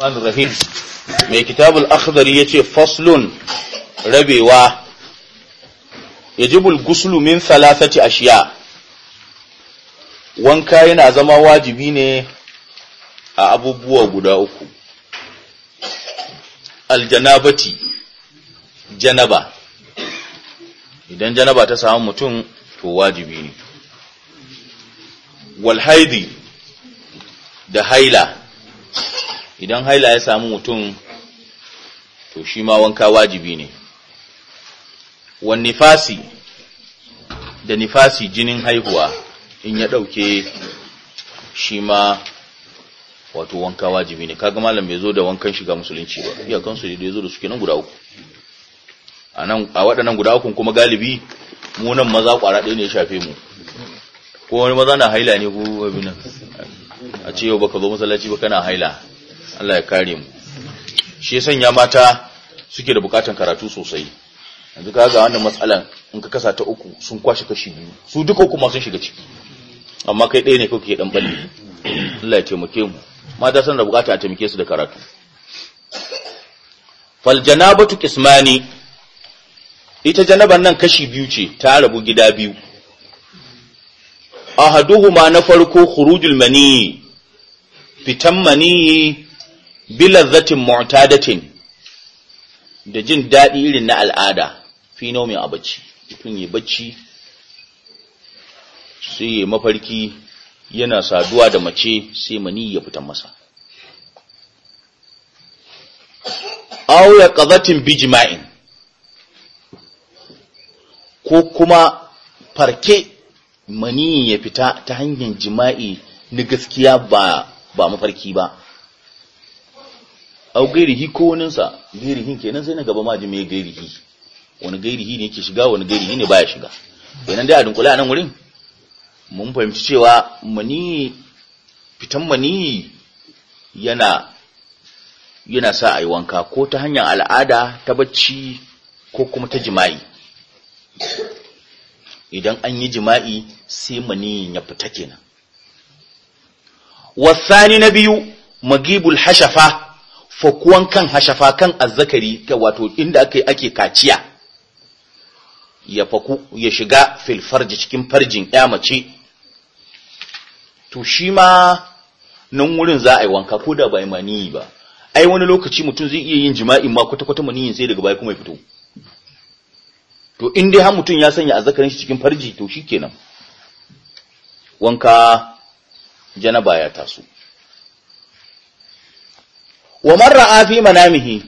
Rahman Rahim mai kitabul ya yace faslun rabewa yajibul guslu min thalathati ashiya wanka yana zama wajibi ne a abubuwa guda uku aljanabati janaba idan janaba ta samu mutum to wajibi ne walhadi da haila idan haila ya samu mutum to shi ma wanka wajibi ne wani nifasi da nifasi jinin haihuwa in ya dauke shi ma wato wanka wajibi ne kaga malam bai zo da wankan shiga musulunci ba iyakan su da zo da suke nan guda uku a waɗannan guda uku kuma galibi mu nan maza ƙwara ɗaya ne ya shafe mu ko wani maza na haila ne ko abin nan a ce yau baka zo masallaci ba kana haila Allah ya kare mu shi ya sanya mata suke da bukatan karatu sosai yanzu ka ga wannan matsalan in ka kasa ta uku sun kwashe kashi biyu su duka kuma sun shiga ciki amma kai ɗaya ne kake dan balle Allah ya taimake mu mata suna da bukata a taimake su da karatu fal janabatu qismani ita janaban nan kashi biyu ce ta rabu gida biyu ahaduhuma na farko khurujul mani fitan mani zatin mu'tadatin da jin daɗi irin na al'ada fi nomin a bacci mutum yi bacci sai yi mafarki yana saduwa da mace sai mani ya fitan masa auya ya bi jima'i ko kuma farke mani ya fita ta hanyar jima'i na gaskiya ba ba mafarki ba au gairihi ko waninsa gairihin kenan sai na gaba ma ji me gairihi wani gairihi ne yake shiga wani gairihi ne baya shiga kenan dai a a nan wurin mun fahimci cewa mani fitan mani yana yana sa a yi wanka ko ta hanyar al'ada ta bacci ko kuma ta jima'i idan an yi jima'i sai mani ya fita kenan wasani na biyu magibul hashafa fakuwan kan hashafa kan azzakari wato inda ake ake kaciya ya faku ya shiga filfarji cikin farjin ya mace to shi ma nan wurin za a yi wanka ko da bai maniyi ba ai wani lokaci mutum zai iya yin jima'i ma kwata-kwata maniyin sai daga baya kuma ya fito to in dai har mutum ya sanya azzakarin shi cikin farji to shikenan wanka janaba ya taso wa marra afi manamihi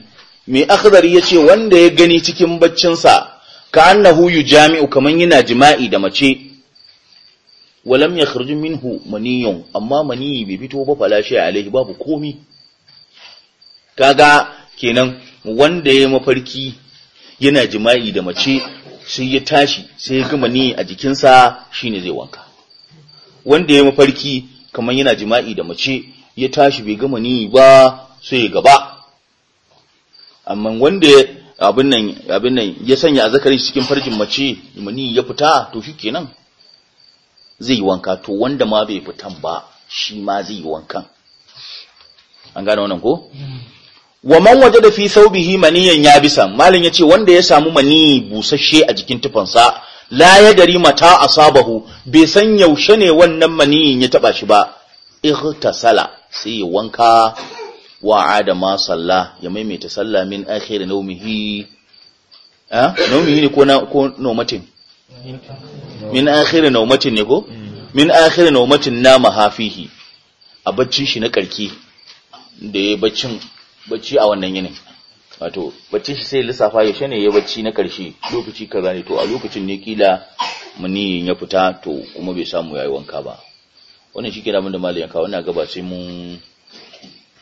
mai akhdari yace wanda ya gani cikin baccinsa ka annahu jami'u kaman yana jima'i da mace walam yakhruj minhu maniyun amma mani bai fito ba falashi alaihi babu komi kaga kenan wanda ya mafarki yana jima'i da mace sai ya tashi sai ya gama ni a jikinsa shine zai wanka wanda ya mafarki kaman yana jima'i da mace ya tashi bai gama ni ba sai gaba amma wanda abin nan abin nan ya sanya azzakarin cikin farjin mace imani ya fita to shikenan zai yi wanka to wanda ma bai fitan ba shi ma zai yi wankan an gane wannan ko wa man wajada fi thawbihi maniyan yabisan malin yace wanda ya samu mani busasshe a jikin tufansa la yadri mata asabahu bai san yaushe ne wannan maniyin ya taba shi ba ightasala sai ya wanka wa'ada ma salla ya maimaita salla min akhir nawmihi ah nawmihi ne ko na ko nawmatin min akhir nawmatin ne ko min akhir nawmatin nama hafihi a baccin shi na karki da ya baccin bacci a wannan yinin wato Bacci shi sai lissafa ya shine ya bacci na karshe lokaci kaza ne to a lokacin ne kila muni ya fita to kuma bai samu yayi wanka ba wannan shi ke da mun da malamin kawo gaba sai mun